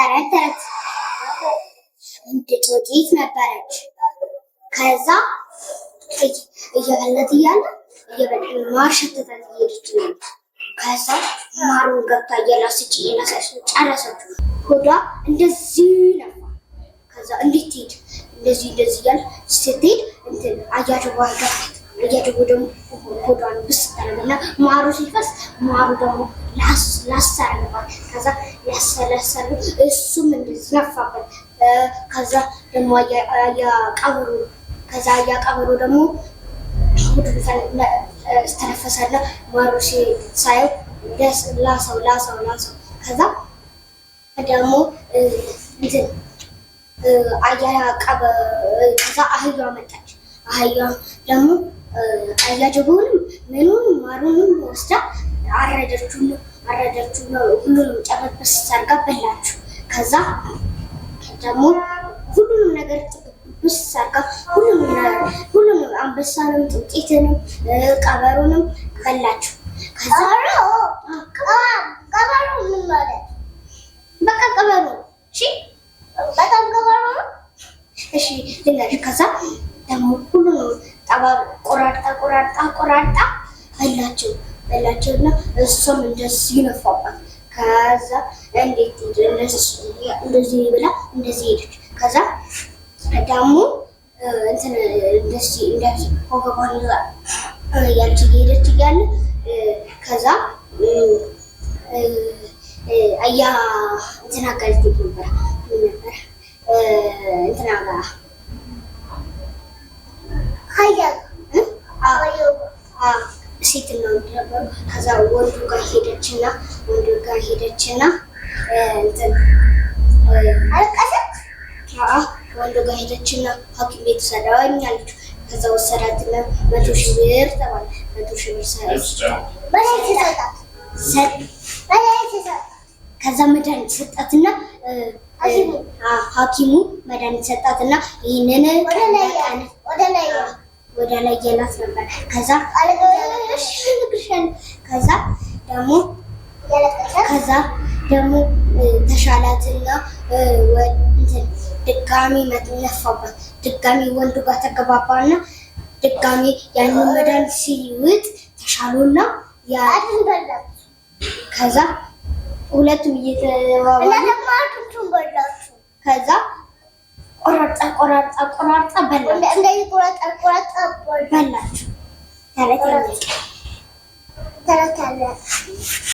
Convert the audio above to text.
ተረት ተረት እንድት ወዲት ነበረች። ከዛ እየበለት እያለ እየበለማ እየሄደች ነው። ከዛ ማሩን ገብታ እየላሰች እየላሰች ጨረሰች። ሆዷ እንደዚህ ነው። ከዛ እንዴት ትሄድ እንደዚህ እንደዚህ እያለ ስትሄድ እንትን አያጅ ዋጋ በየደቡ ደግሞ ሆዷን ብስ ታደርግና ማሩ ሲፈስ ማሩ ደግሞ ላሳረግባል። ከዛ ያሰለሰሉ እሱም እንደዚህ ነፋበት። ከዛ ደግሞ ያቀብሩ ከዛ ያቀብሩ ደግሞ ተነፈሳለ። ማሩ ሳየው ላሰው ላሰው ላሰው ከዛ ደግሞ እንትን አያ ከዛ አህያ መጣች። አህያ ደግሞ አያጀበውንም ምኑም ማሩንም ወስዳ አረደችው አረደችው። ሁሉንም ጨበጥበስ አድርጋ በላችሁ። ከዛ ደግሞ ሁሉንም ነገር ጥብስ አድርጋ ሁሉንም አንበሳንም፣ ጥንጤትንም፣ ቀበሮንም በላችሁ። ከዛ ቀበሮ ምን ማለት በቃ ቀበሮ እሺ፣ በጣም ቀበሮ እሺ ልንገርሽ። ከዛ ደግሞ ሁሉንም ጠባብ ቆራርጣ በላቸው በላቸውና እሷም እንደዚህ ይነፋባት። ከዛ እንዴት እንደዚህ ብላ እንደዚህ ሄደች። ከዛ ደግሞ እንትን እንደዚህ እንደዚህ ወገቧን ይዛ እያለ ከዛ እንትና ነበረ እንትና ጋር ሴትና ወንድ ነበሩ። ከዛ ወንዱ ጋር ሄደች ሄደችና ወንዱ ጋር ሄደች አለቀሰች። ወንዱ ጋር ሄደች ሄደችና ሐኪም ቤት ሰዳኝ አለች። ከዛ ወሰዳትና መቶ ሺ ብር ተባለ። መቶ ሺ ብር ከዛ መድኃኒት ሰጣትና ሐኪሙ መድኃኒት ሰጣትና ይህንን ወደ ላይ ወደ ላይ የላት ነበር። ከዛ ከዛ ደግሞ ከዛ ደግሞ ተሻላትና ድጋሚ ነፋባት። ድጋሚ ወንዱ ጋር ተገባባና ድጋሚ ያንን መድኃኒት ሲውጥ ተሻሎና ከዛ ሁለቱም እየተባባሉ ከዛ ቆራርጣ ቆራርጣ በላችሁ። እንደዚህ ቆራርጣ ቆራርጣ በላችሁ። ተረት ያለ ተረት ያለ